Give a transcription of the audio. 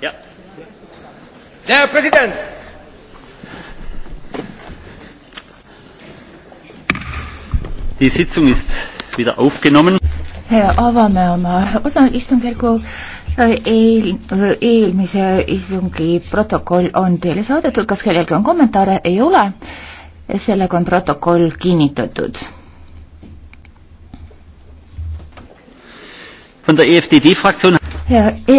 Ja. Der Präsident! Die Sitzung ist wieder aufgenommen. Ja, avame oma osaistungjärgu äh, eel, äh, eelmise istungi protokoll on teile saadetud, kas kellelgi on kommentaare, ei ole, sellega on protokoll kinnitatud. Von der EFDD-Fraktion ja, e